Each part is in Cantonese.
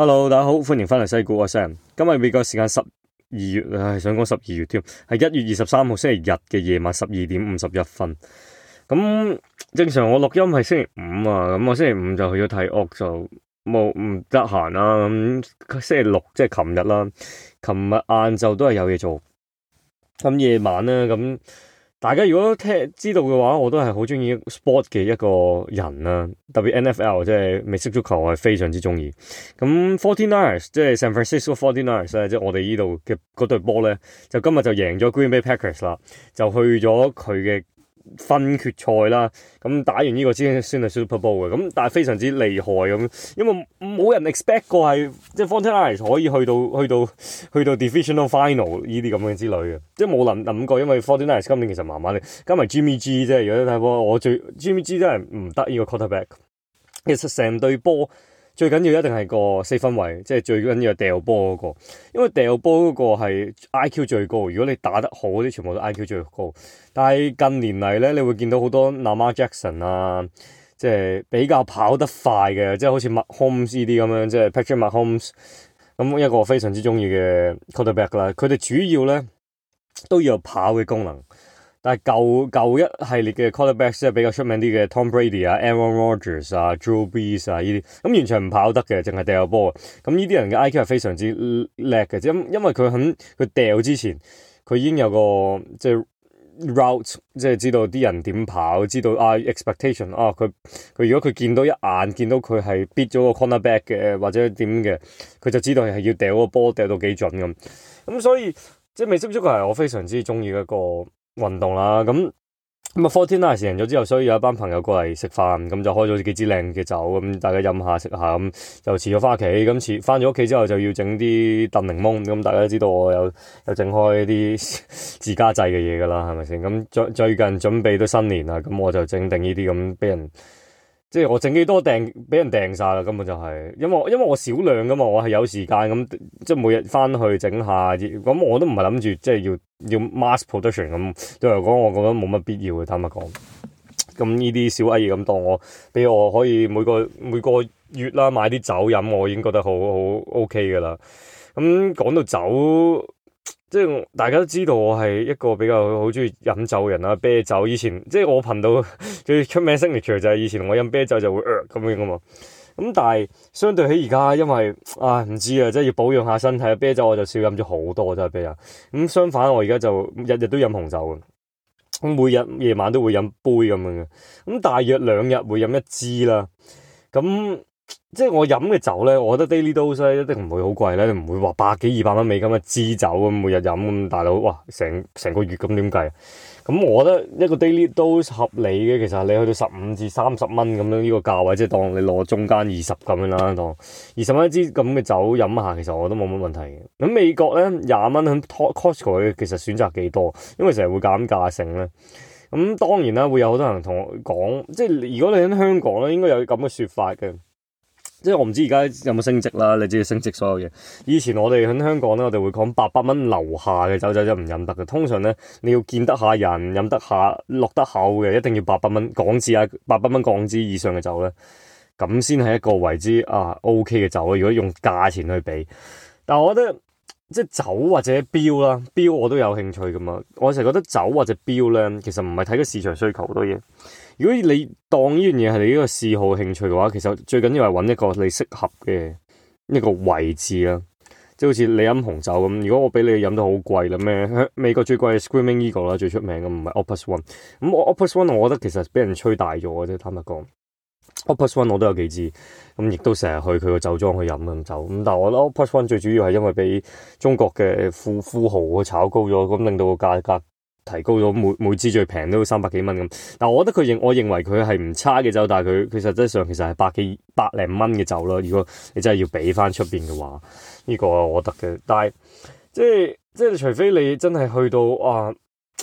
hello，大家好，歡迎翻嚟《西股》，我係 Sam，今日美國時間，十二月，唉，想講十二月添，係一月二十三號星期日嘅夜晚十二點五十一分。咁正常我錄音係星期五啊，咁我星期五就去咗睇屋，就冇唔得閒啦。咁、啊、星期六即係琴日啦，琴日晏晝都係有嘢做。咁夜晚咧，咁。大家如果聽知道嘅話，我都係好中意 sport 嘅一個人啦，特別 NFL 即係美式足球，我係非常之中意。咁49即係 San Francisco 49ers 即係我哋呢度嘅嗰隊波咧，就今日就贏咗 Green Bay Packers 啦，就去咗佢嘅。分決賽啦，咁打完呢個先先係 Super Bowl 嘅，咁但係非常之厲害咁。因為冇人 expect 過係即係 49ers 可以去到去到去到 Divisional Final 呢啲咁嘅之類嘅，即係冇諗諗過，因為 49ers 今年其實慢慢嚟，加埋 Jimmy G 即係如果睇波，我最 Jimmy G 真係唔得呢個 quarterback，其實成隊波。最緊要一定係個四分衛，即係最緊要係掉波嗰個，因為掉波嗰個係 IQ 最高。如果你打得好啲，全部都 IQ 最高。但係近年嚟咧，你會見到好多 Lamar Jackson 啊，即係比較跑得快嘅，即係好似 Mahomes 呢啲咁樣，即係 Patrick Mahomes 咁一個非常之中意嘅 Quarterback 啦。佢哋主要咧都要有跑嘅功能。但係舊舊一系列嘅 quarterbacks 咧，比較出名啲嘅 Tom Brady 啊、Aaron Rodgers 啊、Drew Brees 啊呢啲咁，完全唔跑得嘅，淨係掉波。咁呢啲人嘅 IQ 係非常之叻嘅，啫，因為佢肯佢掉之前，佢已經有個即係 route，即係知道啲人點跑，知道啊 expectation 啊，佢佢如果佢見到一眼，見到佢係 beat 咗個 cornerback 嘅，或者點嘅，佢就知道係要掉個波，掉到幾準咁。咁、嗯、所以即係美式足球係我非常之中意一個。運動啦，咁咁啊 fourteen days 完咗之後，所以有一班朋友過嚟食飯，咁就開咗幾支靚嘅酒，咁大家飲下食下，咁就遲咗翻屋企，咁遲翻咗屋企之後就要整啲燉檸檬，咁大家都知道我有有整開啲自家製嘅嘢㗎啦，係咪先？咁最最近準備都新年啦，咁我就整定呢啲咁俾人。即係我整幾多訂，俾人訂晒啦，根本就係、是，因為我因為我少量噶嘛，我係有時間咁，即係每日翻去整下，咁我都唔係諗住即係要要 mass production 咁，對我嚟講，我覺得冇乜必要嘅，坦白講。咁呢啲小威嘢，咁多，我俾我可以每個每個月啦買啲酒飲，我已經覺得好好 OK 噶啦。咁講到酒。即係大家都知道我係一個比較好中意飲酒人啦，啤酒以前即係我頻道最出名 signature 就係以前我飲啤酒就會呃咁樣啊嘛，咁但係相對起而家，因為啊唔知啊，知即係要保養下身體啊，啤酒我就少飲咗好多真係啤酒，咁相反我而家就日日都飲紅酒，咁每日夜晚都會飲杯咁樣嘅，咁大約兩日會飲一支啦，咁。即係我飲嘅酒咧，我覺得 daily dose 咧，一定唔會好貴咧，唔會話百幾二百蚊美金嘅支酒咁、啊，每日飲咁，大佬哇，成成個月咁點計？咁我覺得一個 daily dose 合理嘅，其實你去到十五至三十蚊咁樣呢個價位，即係當你攞中間二十咁樣啦，當二十蚊一支咁嘅酒飲下，其實我都冇乜問題嘅。咁美國咧，廿蚊喺 Costco 嘅，其實選擇幾多，因為減價成日會減價性咧。咁當然啦，會有好多人同我講，即係如果你喺香港咧，應該有咁嘅說法嘅。即係我唔知而家有冇升值啦，你知唔知升值所有嘢？以前我哋喺香港咧，我哋會講八百蚊樓下嘅酒，酒就真唔飲得嘅。通常咧，你要見得下人，飲得下，落得口嘅，一定要八百蚊港紙啊，八百蚊港紙以上嘅酒咧，咁先係一個為之啊 OK 嘅酒。如果用價錢去比，但係我覺得即係酒或者表啦，表我都有興趣㗎嘛。我成日覺得酒或者表咧，其實唔係睇個市場需求好多嘢。如果你當呢樣嘢係你呢個嗜好興趣嘅話，其實最緊要係揾一個你適合嘅一個位置啊。即係好似你飲紅酒咁，如果我畀你飲都好貴啦咩？美國最貴嘅 Screaming Eagle 啦，最出名嘅唔係 Opus One。咁、嗯、我 Opus One 我覺得其實俾人吹大咗嘅啫，坦白講。Opus One 我都有幾支，咁、嗯、亦都成日去佢個酒莊去飲咁酒。咁、嗯、但係我覺得 Opus One 最主要係因為畀中國嘅富富豪去炒高咗，咁令到個價格，提高咗每每支最平都三百幾蚊咁，但係我覺得佢認，我認為佢係唔差嘅酒，但係佢佢實質上其實係百幾百零蚊嘅酒咯。如果你真係要俾翻出邊嘅話，呢個我覺得嘅。但係即係即係除非你真係去到啊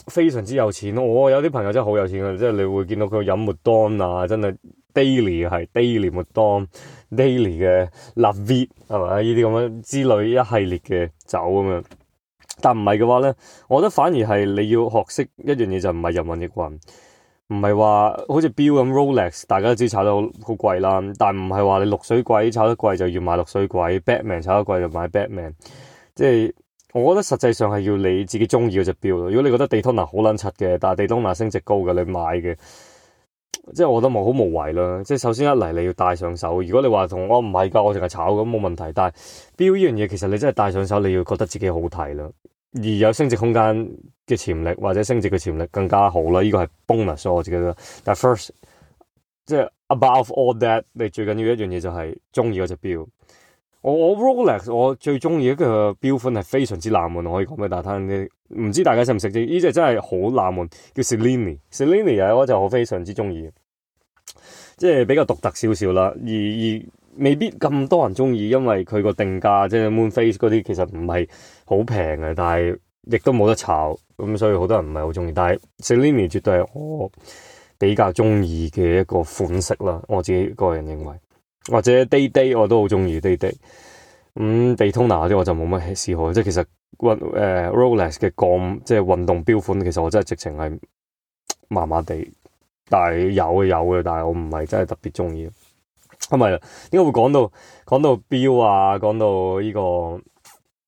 非常之有錢，我有啲朋友真係好有錢，即係你會見到佢飲麥當啊，真係 daily 係 daily 麥當 daily 嘅 Lafite 係咪？呢啲咁樣之類一系列嘅酒咁樣。但唔係嘅話咧，我覺得反而係你要學識一樣嘢就唔係人云亦云，唔係話好似表咁，Rolex 大家都知炒得好貴啦。但唔係話你綠水鬼炒得貴就要買綠水鬼，Batman 炒得貴就買 Batman。即係我覺得實際上係要你自己中意嗰隻表咯。如果你覺得地通拿好撚柒嘅，但係地通拿升值高嘅，你買嘅，即係我覺得冇好無為無謂咯。即係首先一嚟你要戴上手，如果你話同我唔係㗎，我淨係炒咁冇問題。但係表呢樣嘢其實你真係戴上手，你要覺得自己好睇咯。而有升值空間嘅潛力，或者升值嘅潛力更加好啦。呢個係 bonus，我自己覺得。但 first，即係 above all that，你最緊要一樣嘢就係中意嗰隻表。我我 Rolex，我最中意一個表款係非常之冷門，我可以講俾大家聽。唔知大家識唔識啫？呢隻真係好冷門，叫 Cellini。Cellini 有一隻我非常之中意，即係比較獨特少少啦。而而未必咁多人中意，因為佢個定價即係 moon phase 嗰啲，其實唔係。好平嘅，但係亦都冇得炒，咁、嗯、所以好多人唔係好中意。但係 Cellini 絕對係我比較中意嘅一個款式啦，我自己個人認為。或者 Day Day 我都好中意 Day Day。咁 Daytona 啲我就冇乜喜好，即係其實運、uh, Rolex 嘅鋼即係運動錶款，其實我真係直情係麻麻地。但係有嘅有嘅，但係我唔係真係特別中意。係咪啊？點解會講到講到表啊？講到呢個？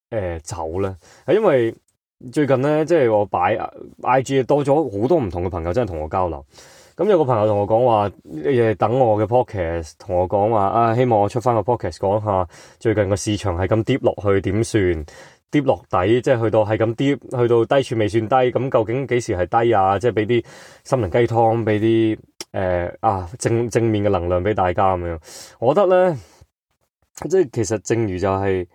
誒，就咧，係因為最近咧，即係我擺 I G 多咗好多唔同嘅朋友，真係同我交流。咁有個朋友同我講話，亦等我嘅 podcast 同我講話啊，希望我出翻個 podcast 講下最近個市場係咁跌落去點算？跌落底，即係去到係咁跌，去到低處未算低，咁究竟幾時係低啊？即係俾啲心靈雞湯，俾啲誒啊正正面嘅能量俾大家咁樣。我覺得咧，即係其實正如就係、是。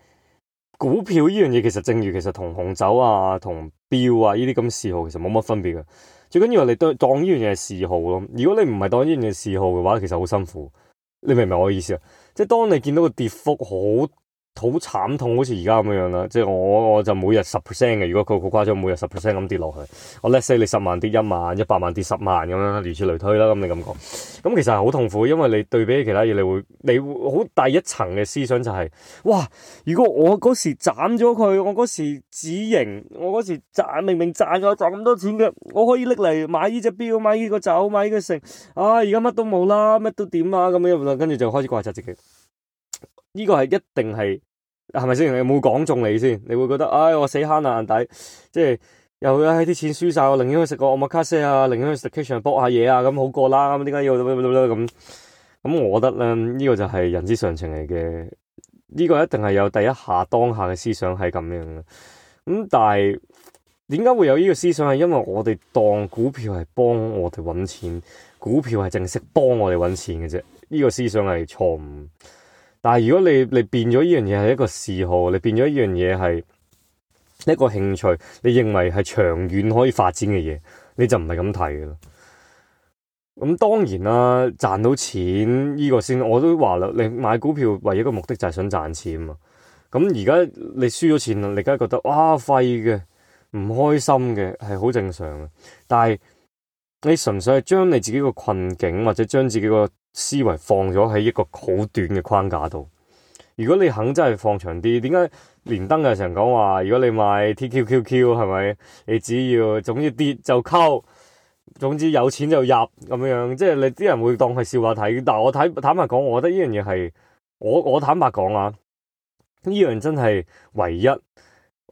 股票呢樣嘢，其實正如其實同紅酒啊、同表啊呢啲咁嗜好，其實冇乜分別嘅。最緊要你對當呢樣嘢係嗜好咯。如果你唔係當呢樣嘢嗜好嘅話，其實好辛苦。你明唔明我意思啊？即係當你見到個跌幅好好慘痛，好似而家咁樣樣啦，即係我我就每日十 percent 嘅，如果佢好誇張，每日十 percent 咁跌落去，我 let say 你十萬跌一萬，一百萬跌十萬咁樣，如此類推啦，咁你咁講，咁、嗯、其實係好痛苦，因為你對比其他嘢，你會你會好大一層嘅思想就係、是，哇，如果我嗰時斬咗佢，我嗰時止盈，我嗰時賺明明賺咗賺咁多錢嘅，我可以拎嚟買呢隻表，買呢個酒，買呢個成，啊，而家乜都冇啦，乜都點啊，咁樣啦，跟住就開始怪責自己。呢個係一定係係咪先？你冇講中你先？你會覺得唉，我死慳爛抵，即係又喺啲錢輸晒，我寧願去食個 omakase 啊，寧願去食 staycation 卜下嘢啊，咁好過啦。咁點解要咁咁？咁我覺得咧呢、呢個就係人之常情嚟嘅。呢、呢個一定係有第一下當下嘅思想係咁樣嘅。咁但係點解會有呢個思想？係因為我哋當股票係幫我哋搵錢，股票係淨識幫我哋搵錢嘅啫。呢、呢個思想係錯誤。但係如果你你變咗呢樣嘢係一個嗜好，你變咗呢樣嘢係一個興趣，你認為係長遠可以發展嘅嘢，你就唔係咁睇嘅。咁當然啦，賺到錢呢個先，我都話啦，你買股票唯一一個目的就係想賺錢嘛。咁而家你輸咗錢了你梗係覺得哇廢嘅，唔開心嘅係好正常嘅。但係你純粹係將你自己個困境或者將自己個。思維放咗喺一個好短嘅框架度。如果你肯真係放長啲，點解連登又成日講話？如果你買 TQQQ 係咪？你只要總之跌就溝，總之有錢就入咁樣。即係你啲人會當佢笑話睇。但，我睇坦白講，我覺得呢樣嘢係我我坦白講啊，呢樣真係唯一。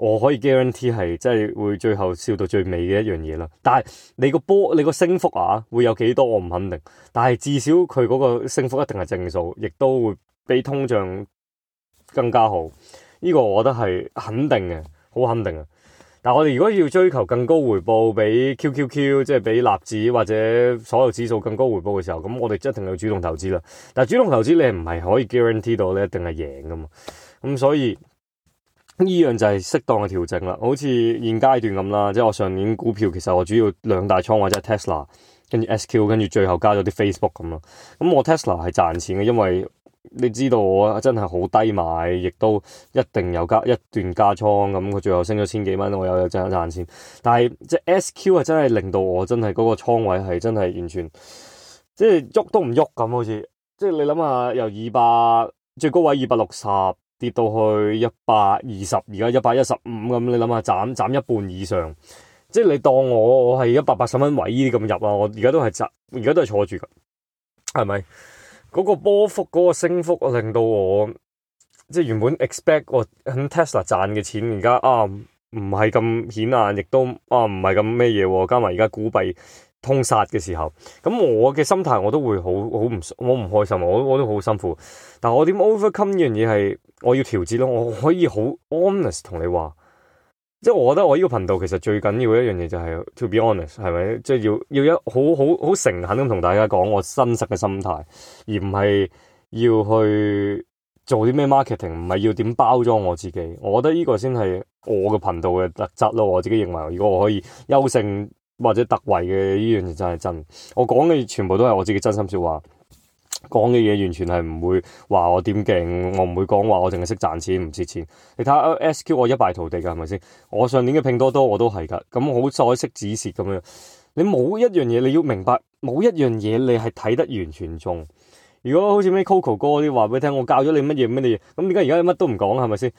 我可以 guarantee 係真係會最後笑到最尾嘅一樣嘢啦，但係你個波你個升幅啊，會有幾多我唔肯定，但係至少佢嗰個升幅一定係正數，亦都會比通脹更加好。呢個我覺得係肯定嘅，好肯定啊，但係我哋如果要追求更高回報比 QQQ 即係比納指或者所有指數更高回報嘅時候，咁我哋一定要主動投資啦。但係主動投資，你唔係可以 guarantee 到你一定係贏噶嘛？咁所以。依樣就係適當嘅調整啦，好似現階段咁啦，即係我上年股票其實我主要兩大倉位，即係 Tesla，跟住 S Q，跟住最後加咗啲 Facebook 咁咯。咁我 Tesla 係賺錢嘅，因為你知道我真係好低買，亦都一定有加一段加倉，咁佢最後升咗千幾蚊，我又有賺賺錢。但係即係 S Q 係真係令到我真係嗰個倉位係真係完全即係喐都唔喐咁，好似即係你諗下由二百最高位二百六十，跌到去一百二十，而家一百一十五咁，你諗下，斬斬一半以上，即係你當我我係一百八十蚊位依咁入啊。我而家都係執，而家都係坐住噶，係咪？嗰個波幅，嗰個升幅令到我即係原本 expect 喺 Tesla 賺嘅錢，而家啊唔係咁顯眼，亦都啊唔係咁咩嘢，加埋而家股幣。通殺嘅時候，咁我嘅心態我都會好好唔，我唔開心，我我都好辛苦。但係我點 overcome 呢樣嘢係，我要調節咯。我可以好 honest 同你話，即係我覺得我呢個頻道其實最緊要一樣嘢就係 to be honest，係咪？即係要要一好好好誠懇咁同大家講我真實嘅心態，而唔係要去做啲咩 marketing，唔係要點包裝我自己。我覺得呢個先係我嘅頻道嘅特質咯。我自己認為，如果我可以優勝。或者特惠嘅呢樣嘢真係真。我講嘅全部都係我自己真心說話，講嘅嘢完全係唔會話我點勁。我唔會講話我淨係識賺錢唔蝕錢。你睇下 SQ 我一敗塗地㗎，係咪先？我上年嘅拼多多我都係㗎，咁好彩識止蝕咁樣。你冇一樣嘢你要明白，冇一樣嘢你係睇得完全重。如果好似咩 Coco 哥啲話俾你聽，我教咗你乜嘢乜嘢，咁點解而家你乜都唔講係咪先？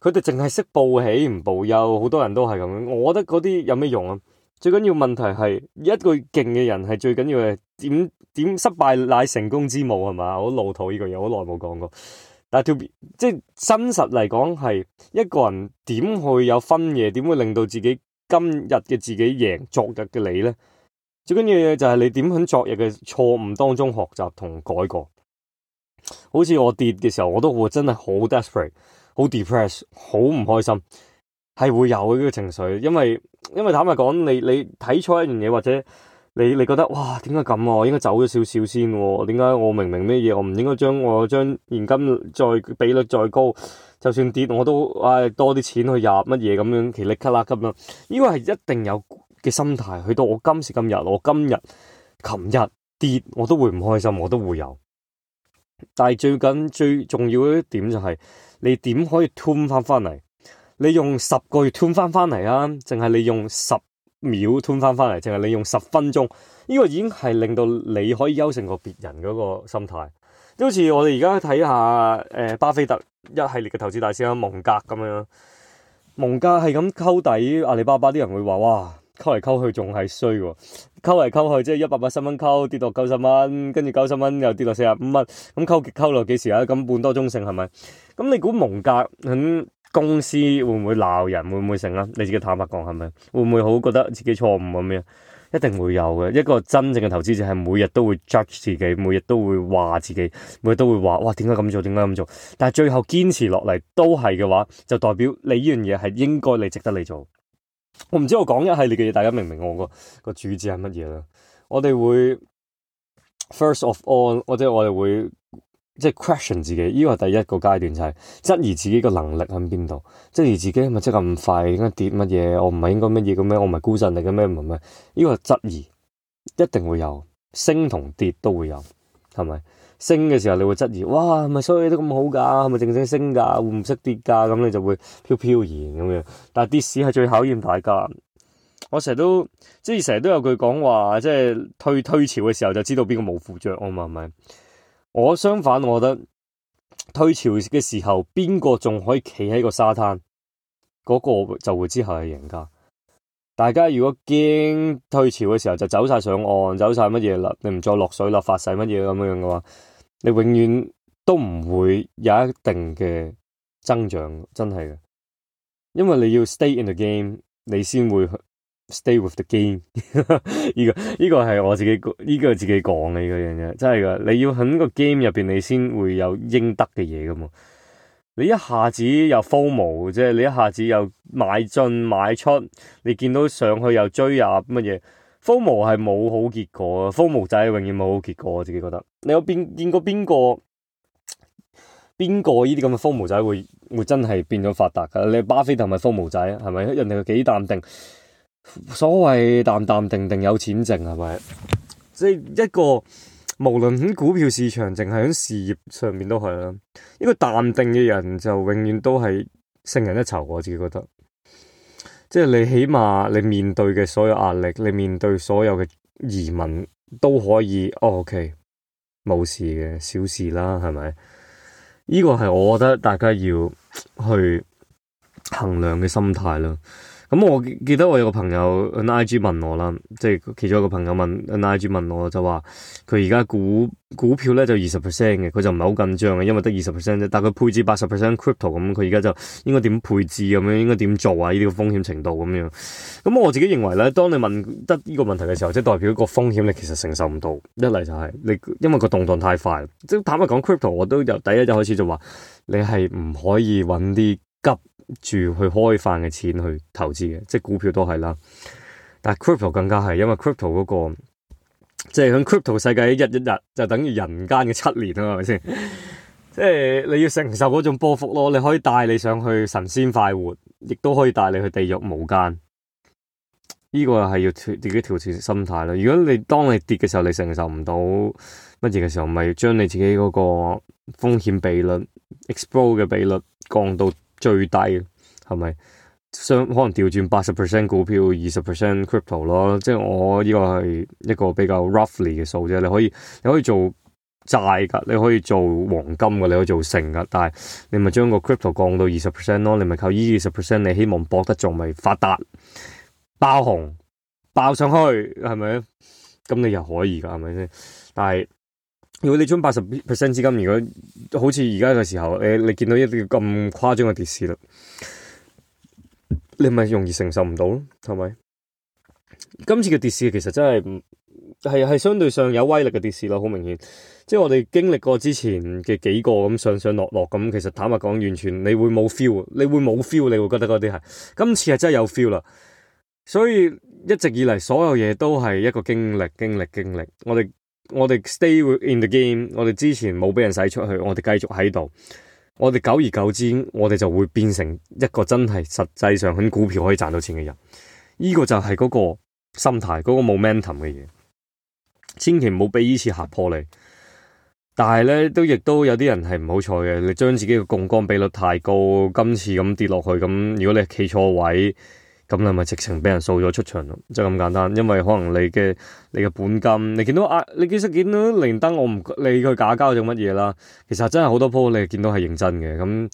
佢哋淨係識報喜唔報憂，好多人都係咁樣。我覺得嗰啲有咩用啊？最緊要問題係一個勁嘅人係最緊要嘅，點點失敗乃成功之母係嘛？好老土呢句嘢，好耐冇講過，但係即係真實嚟講，係一個人點去有分野？點會令到自己今日嘅自己贏昨日嘅你咧？最緊要嘅嘢就係你點喺昨日嘅錯誤當中學習同改過。好似我跌嘅時候，我都會真係好 desperate，好 depressed，好唔開心。係會有嘅呢個情緒，因為因為坦白講，你你睇錯一樣嘢，或者你你覺得哇點解咁啊？我應該走咗少少先喎，點解我明明咩嘢？我唔應該將我將現金再比率再高，就算跌我都唉多啲錢去入乜嘢咁樣，奇力卡啦咁樣！呢個係一定有嘅心態。去到我今時今日，我今日、琴日跌我都會唔開心，我都會有。但係最緊最重要嘅一點就係你點可以 turn 翻翻嚟？你用十個月吞翻翻嚟啊。淨係你用十秒吞翻翻嚟。淨係你用十分鐘，呢、這個已經係令到你可以優勝過別人嗰個心態。即好似我哋而家睇下，誒、呃，巴菲特一系列嘅投資大師啊，蒙格咁樣，蒙格係咁溝底，阿里巴巴啲人會話，哇，溝嚟溝去仲係衰嘅，溝嚟溝去即係一百八十蚊溝跌到九十蚊，跟住九十蚊又跌到四十五蚊，咁溝極溝落幾時啊？咁半多中性係咪？咁你估蒙格喺？嗯公司會唔會鬧人？會唔會成啊？你自己坦白講係咪？會唔會好覺得自己錯誤啊？咩？一定會有嘅。一個真正嘅投資者係每日都會 judge 自己，每日都會話自己，每日都會話：哇，點解咁做？點解咁做？但係最後堅持落嚟都係嘅話，就代表你呢樣嘢係應該你值得你做。我唔知我講一系列嘅嘢，大家明唔明我個個主旨係乜嘢啦？我哋會 first of all，或者我哋會。即係 question 自己，呢、這個係第一個階段，就係、是、質疑自己個能力喺邊度，質疑自己係咪即咁快，應該跌乜嘢？我唔係應該乜嘢嘅咩？我唔係股神嚟嘅咩？唔係咩？呢、這個係質疑，一定會有升同跌都會有，係咪？升嘅時候你會質疑，哇，咪所以都咁好噶，係咪正正升噶，會唔識跌噶？咁你就會飄飄然咁樣。但係跌市係最考驗大家，我成日都即係成日都有句講話，即係推退潮嘅時候就知道邊個冇褲着我係咪？是。我相反，我覺得退潮嘅時候，邊個仲可以企喺個沙灘，嗰個就會之後係贏家。大家如果驚退潮嘅時候就走晒上岸，走晒乜嘢啦，你唔再落水啦，發誓乜嘢咁樣嘅話，你永遠都唔會有一定嘅增長，真係嘅。因為你要 stay in the game，你先會 Stay with the game 呢、 這個呢、這個係我自己呢、這個自己講嘅呢個樣嘢，真係噶。你要喺個 game 入邊，你先會有應得嘅嘢噶嘛。你一下子又 FOMO，即係你一下子又買進買出，你見到上去又追入乜嘢 FOMO 係冇好結果啊！FOMO 仔永遠冇好結果。我自己覺得你有變見過邊個邊個呢啲咁嘅 FOMO 仔會會真係變咗發達噶？你巴菲特咪 FOMO 仔啊？係咪人哋幾淡定？所謂淡淡定定有錢剩，係咪？即係一個無論喺股票市場，淨係喺事業上面都係啦。一個淡定嘅人就永遠都係勝人一籌。我自己覺得，即係你起碼你面對嘅所有壓力，你面對所有嘅移民，都可以。哦，OK，冇事嘅小事啦，係咪？呢個係我覺得大家要去衡量嘅心態啦。咁我記得我有個朋友喺 IG 問我啦，即係其中一個朋友問喺 IG 問我就話佢而家股股票咧就二十 percent 嘅，佢就唔係好緊張嘅，因為得二十 percent 啫。但係佢配置八十 percent crypto 咁，佢而家就應該點配置咁樣？應該點做啊？呢啲風險程度咁樣。咁我自己認為咧，當你問得呢個問題嘅時候，即係代表個風險你其實承受唔到。一嚟就係、是、你因為個動盪太快。即係坦白講，crypto 我都由第一日開始就話你係唔可以揾啲，急住去開飯嘅錢去投資嘅，即係股票都係啦。但係 crypto 更加係，因為 crypto 嗰、那個即係、就、響、是、crypto 世界一一一一，一日一日就等於人間嘅七年啦，係咪先？即 係你要承受嗰種波幅咯。你可以帶你上去神仙快活，亦都可以帶你去地獄無間。呢、這個又係要自己調節心態咯。如果你當你跌嘅時候，你承受唔到乜嘢嘅時候，咪、就是、將你自己嗰個風險比率、expose 嘅比率降到最低係咪？相可能調轉八十 percent 股票，二十 percent crypto 咯。即係我呢個係一個比較 roughly 嘅數啫。你可以你可以做債㗎，你可以做黃金㗎，你可以做成㗎。但係你咪將個 crypto 降到二十 percent 咯。你咪靠呢二十 percent，你希望博得仲未發達爆紅爆上去係咪？咁你又可以㗎係咪先？但係。如果你將八十 percent 資金，如果好似而家嘅時候，誒你，你見到一啲咁誇張嘅跌市啦，你咪容易承受唔到咯，係咪？今次嘅跌市其實真係係係相對上有威力嘅跌市咯，好明顯。即係我哋經歷過之前嘅幾個咁上上落落咁，其實坦白講，完全你會冇 feel，你會冇 feel，你會覺得嗰啲係今次係真係有 feel 啦。所以一直以嚟，所有嘢都係一個經歷、經歷、經歷，我哋。我哋 stay in the game，我哋之前冇畀人使出去，我哋繼續喺度。我哋久而久之，我哋就會變成一個真係實際上喺股票可以賺到錢嘅人。呢個就係嗰個心態，嗰個 momentum 嘅嘢。千祈唔好俾呢次嚇破你。但係咧，都亦都有啲人係唔好彩嘅，你將自己嘅槓桿比率太高，今次咁跌落去咁，如果你係企錯位。咁你咪直情俾人掃咗出場咯，就咁簡單。因為可能你嘅你嘅本金，你見到啊，你見識見到連登，我唔理佢假交做乜嘢啦。其實真係好多鋪你見到係認真嘅，咁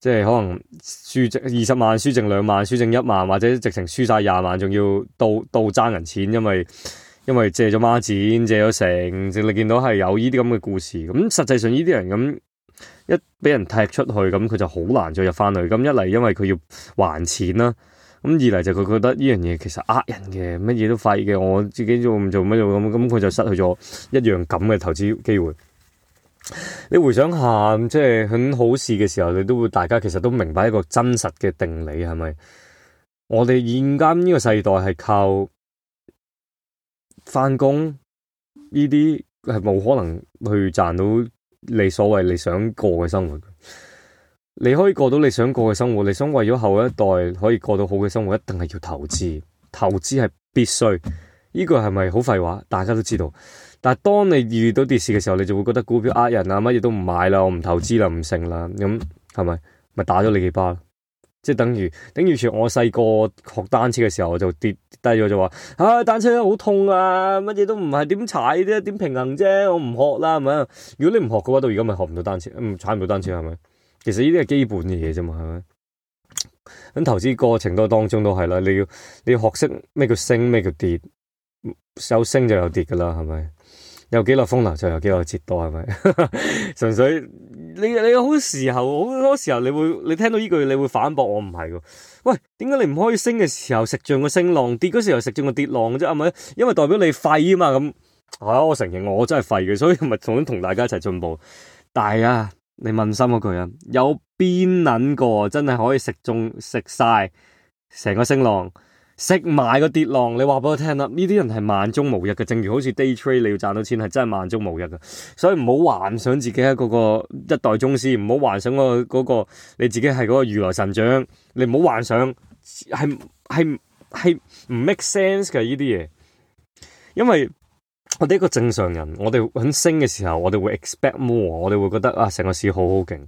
即係可能輸剩二十萬，輸剩兩萬，輸剩一萬，或者直情輸晒廿萬，仲要到到爭人錢，因為因為借咗孖展，借咗成，你見到係有呢啲咁嘅故事。咁實際上呢啲人咁一俾人踢出去，咁佢就好難再入翻去。咁一嚟因為佢要還錢啦。咁二嚟就佢覺得呢樣嘢其實呃人嘅，乜嘢都廢嘅。我自己做唔做乜嘢咁，咁佢就失去咗一樣咁嘅投資機會。你回想下，即係喺好事嘅時候，你都會大家其實都明白一個真實嘅定理，係咪？我哋現今呢個世代係靠返工呢啲係冇可能去賺到你所謂你想過嘅生活。你可以過到你想過嘅生活，你想為咗後一代可以過到好嘅生活，一定係要投資，投資係必須。呢個係咪好廢話？大家都知道。但係當你遇到跌市嘅時候，你就會覺得股票呃人啊，乜嘢都唔買啦，我唔投資啦，唔成啦，咁係咪咪打咗你幾巴？即係等於等於，全我細個學單車嘅時候，我就跌低咗就話唉、啊，單車好痛啊，乜嘢都唔係點踩啫、啊，點平衡啫、啊，我唔學啦，係咪？如果你唔學嘅話，到而家咪學唔到單車，唔踩唔到單車，係咪？其實呢啲係基本嘅嘢啫嘛，係咪？喺投資過程當中都係啦，你要你要學識咩叫升，咩叫跌，有升就有跌噶啦，係咪？有幾耐風流就有幾耐折墮，係咪？純 粹你你好時候好多時候你會你聽到呢句你會反駁我，唔係喎，喂，點解你唔可以升嘅時候食盡個升浪，跌嗰時候食盡個跌浪嘅啫，係咪？因為代表你廢啊嘛咁。係啊，我承認我，我真係廢嘅，所以咪想同，同大家一齊進步。但係啊～你問心嗰句啊，有邊捻個真係可以食中食晒成個升浪，食埋個跌浪？你話俾我聽啦，呢啲人係萬中無一嘅，正如好似 day trade 你要賺到錢係真係萬中無一嘅，所以唔好幻想自己係嗰個一代宗師，唔好幻想、嗰個、嗰個你自己係嗰個如來神掌，你唔好幻想係係係唔 make sense 嘅呢啲嘢，因為。我哋一個正常人，我哋喺升嘅時候，我哋會 expect more，我哋會覺得啊，成個市好好勁。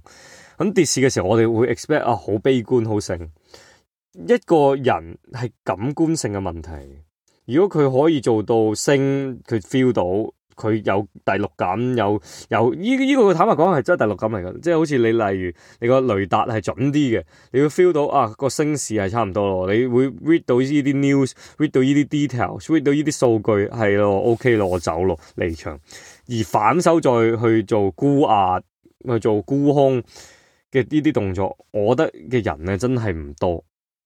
咁跌市嘅時候，我哋會 expect 啊，好悲觀，好剩。一個人係感官性嘅問題，如果佢可以做到升，佢 feel 到。佢有第六感，有有呢呢、這個，這個、坦白講係真係第六感嚟嘅。即係好似你例如你個雷達係準啲嘅，你會 feel 到啊個聲勢係差唔多咯。你會 read 到呢啲 news，read 到呢啲 details，read 到呢啲數據係咯，OK 咯，我走咯離場。而反手再去做沽壓、去做沽空嘅呢啲動作，我覺得嘅人咧真係唔多。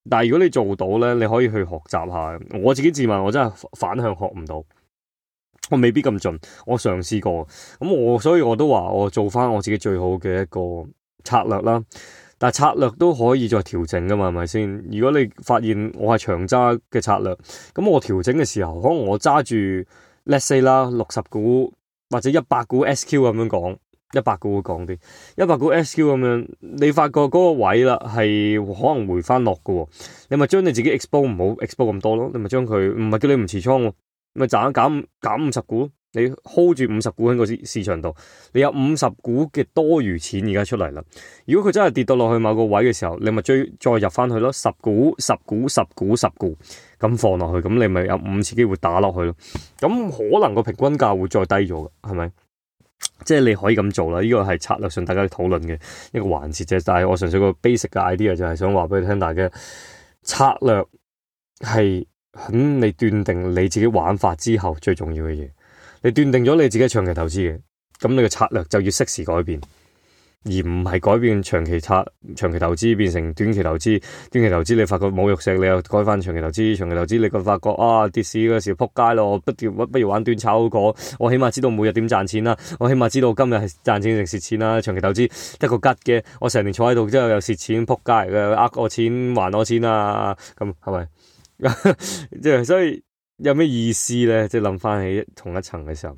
但係如果你做到咧，你可以去學習下。我自己自問，我真係反向學唔到。我未必咁盡，我嘗試過，咁我所以我都話我做翻我自己最好嘅一個策略啦。但係策略都可以再調整㗎嘛，係咪先？如果你發現我係長揸嘅策略，咁我調整嘅時候，可能我揸住 Let's say 啦六十股或者一百股 SQ 咁樣講，一百股會講啲，一百股 SQ 咁樣，你發覺嗰個位啦係可能回翻落㗎喎，你咪將你自己 expose 唔好 expose 咁多咯，你咪將佢唔係叫你唔持倉喎。咪賺一減減五十股，你 hold 住五十股喺個市市場度，你有五十股嘅多餘錢而家出嚟啦。如果佢真係跌到落去某個位嘅時候，你咪追再入翻去咯，十股十股十股十股咁放落去，咁你咪有五次機會打落去咯。咁可能個平均價會再低咗㗎，係咪？即係你可以咁做啦，呢個係策略上大家討論嘅一個環節啫。但係我純粹個 basic 嘅 idea 就係想話俾你聽，大家策略係。咁、嗯、你斷定你自己玩法之後最重要嘅嘢，你斷定咗你自己長期投資嘅，咁你嘅策略就要適時改變，而唔係改變長期策長期投資變成短期投資。短期投資你發覺冇肉食，你又改翻長期投資。長期投資你個發覺啊，跌市嗰時扑街咯，不如不如玩短炒好過。我起碼知道每日點賺錢啦，我起碼知道今日係賺錢定蝕錢啦。長期投資得個吉嘅，我成年坐喺度之後又蝕錢扑街呃我錢還我錢啊，咁係咪？即係 所以有咩意思咧？即係諗翻起同一層嘅時候，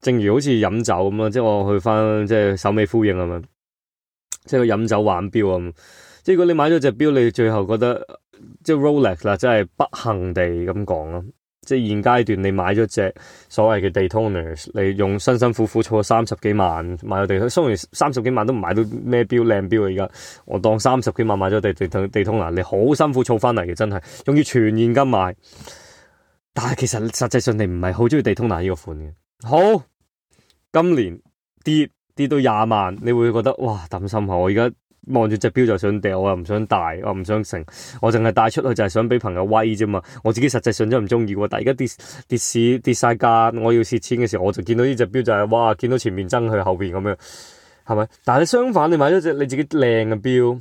正如好似飲酒咁樣，即係我去翻，即係首尾呼應咁樣，即係飲酒玩表咁。即係如果你買咗隻表，你最後覺得即係 Rolex 啦，真係不幸地咁講咯。即係現階段，你買咗隻所謂嘅地通納，你用辛辛苦苦儲三十幾萬買個地通，雖然三十幾萬都唔買到咩錶靚錶。而家我當三十幾萬買咗地地通地通納，你好辛苦儲翻嚟嘅，真係仲要全現金買，但係其實實際上你唔係好中意地通納呢個款嘅。嗯嗯、好，今年跌跌到廿萬，你會覺得哇，抌心口我！我而家。望住隻錶就想掉，我又唔想戴，我又唔想成，我淨係戴出去就係想畀朋友威啫嘛。我自己實際上真唔中意喎，但係而家跌跌市跌晒價，我要蝕錢嘅時候，我就見到呢隻錶就係、是、哇，見到前面爭佢後邊咁樣，係咪？但係相反，你買咗隻你自己靚嘅錶。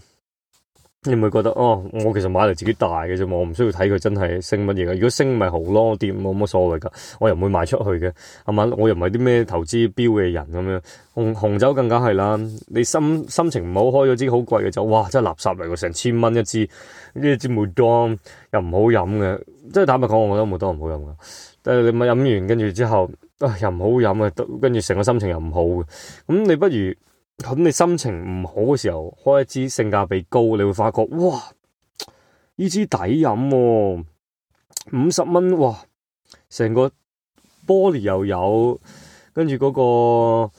你唔會覺得哦？我其實買嚟自己大嘅啫嘛，我唔需要睇佢真係升乜嘢啊！如果升咪好咯，跌冇乜所謂噶，我又唔會賣出去嘅。係嘛，我又唔係啲咩投資標嘅人咁樣。紅紅酒更加係啦，你心心情唔好開咗支好貴嘅酒，哇！真係垃圾嚟嘅，成千蚊一支呢支冇當又唔好飲嘅，即係坦白講，我覺得冇當唔好飲嘅。但係你咪飲完跟住之後、哎、又唔好飲嘅，跟住成個心情又唔好嘅。咁你不如？咁你心情唔好嘅時候，開一支性價比高，你會發覺哇，呢支抵飲、啊，五十蚊哇，成個玻璃又有，跟住嗰個誒嗰、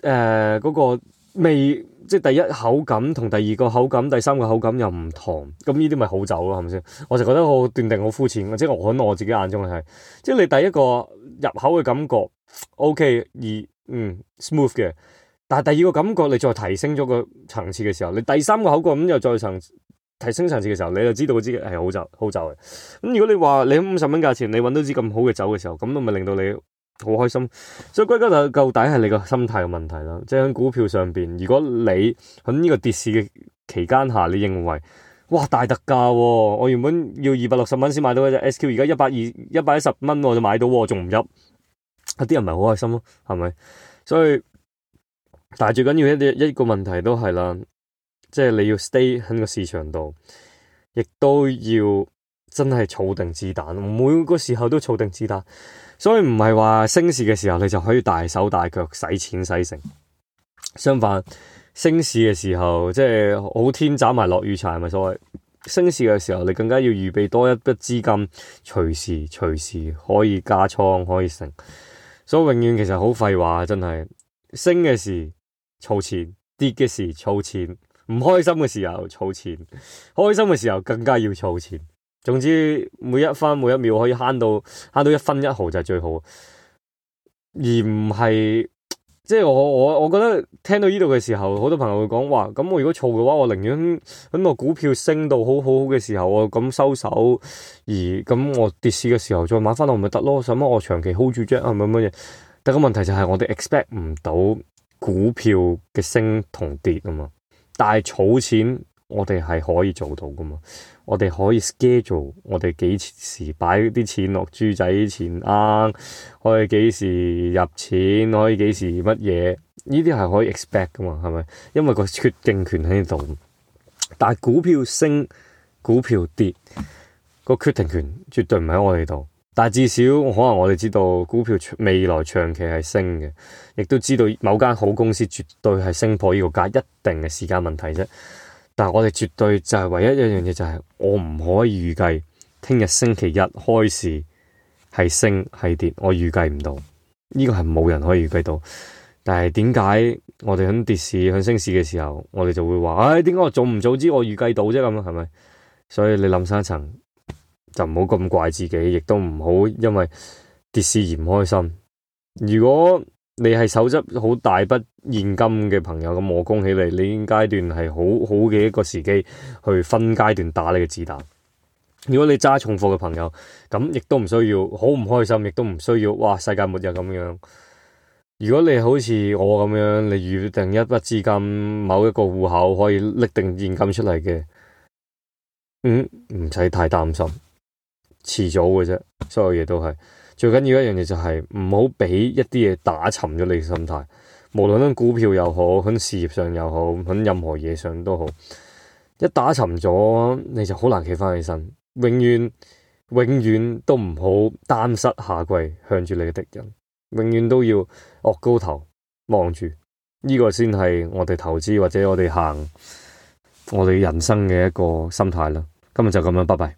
呃嗰個味，即係第一口感同第二個口感、第三個口感又唔同，咁呢啲咪好酒咯，係咪先？我就覺得好斷定好膚淺，或者我喺我自己眼中係，即係你第一個入口嘅感覺 OK 而嗯 smooth 嘅。但係第二個感覺，你再提升咗個層次嘅時候，你第三個口覺咁又再提升層次嘅時候，你就知道支係好酒好酒嘅。咁、嗯、如果你話你五十蚊價錢，你搵到支咁好嘅酒嘅時候，咁都咪令到你好開心。所以歸根究底係你個心態嘅問題啦。即係喺股票上邊，如果你喺呢個跌市嘅期間下，你認為哇大特價喎、啊，我原本要二百六十蚊先買到一隻 SQ，而家一百二一百一十蚊我就買到，仲唔入？一啲人咪好開心咯、啊，係咪？所以。但係最緊要一啲一個問題都係啦，即係你要 stay 喺個市場度，亦都要真係儲定子彈，每個時候都儲定子彈。所以唔係話升市嘅時候你就可以大手大腳使錢使成，相反升市嘅時候即係好天斬埋落雨柴，咪所謂升市嘅時候你更加要預備多一筆資金，隨時隨時可以加倉可以成。所以永遠其實好廢話，真係升嘅時。儲錢跌嘅時儲錢，唔開心嘅時候儲錢，開心嘅時候更加要儲錢。總之，每一分每一秒可以慳到慳到一分一毫就係最好，而唔係即係我我我覺得聽到呢度嘅時候，好多朋友會講話，咁我如果儲嘅話，我寧願等個股票升到好好好嘅時候，我咁收手，而咁我跌市嘅時候再買翻落咪得咯。使乜我長期 hold 住張啊？乜乜嘢？但個問題就係我哋 expect 唔到。股票嘅升同跌啊嘛，但係儲錢我哋係可以做到噶嘛，我哋可以 schedule 我哋幾時擺啲錢落豬仔錢罌，可以幾時入錢，可以幾時乜嘢，呢啲係可以 expect 噶嘛，係咪？因為個決定權喺呢度，但係股票升，股票跌，個決定權絕對唔喺我哋度。但至少可能我哋知道股票未來長期係升嘅，亦都知道某間好公司絕對係升破呢個價一定嘅時間問題啫。但係我哋絕對就係唯一一樣嘢，就係我唔可以預計聽日星期一開市係升係跌，我預計唔到。呢個係冇人可以預計到。但係點解我哋響跌市響升市嘅時候，我哋就會話：唉，點解我早唔早知我預計到啫？咁樣，係咪？所以你諗深一層。就唔好咁怪自己，亦都唔好因為跌市而唔開心。如果你係手執好大筆現金嘅朋友，咁我恭喜你，你現階段係好好嘅一個時機去分階段打你嘅子彈。如果你揸重貨嘅朋友，咁亦都唔需要，好唔開心，亦都唔需要，哇！世界末日咁樣。如果你好似我咁樣，你預定一筆資金，某一個戶口可以拎定現金出嚟嘅，嗯，唔使太擔心。遲早嘅啫，所有嘢都係，最緊要一樣嘢就係唔好畀一啲嘢打沉咗你嘅心態，無論喺股票又好，喺事業上又好，喺任何嘢上都好，一打沉咗你就好難企翻起身。永遠永遠都唔好單膝下跪向住你嘅敵人，永遠都要昂高頭望住，呢個先係我哋投資或者我哋行我哋人生嘅一個心態啦。今日就咁樣，拜拜。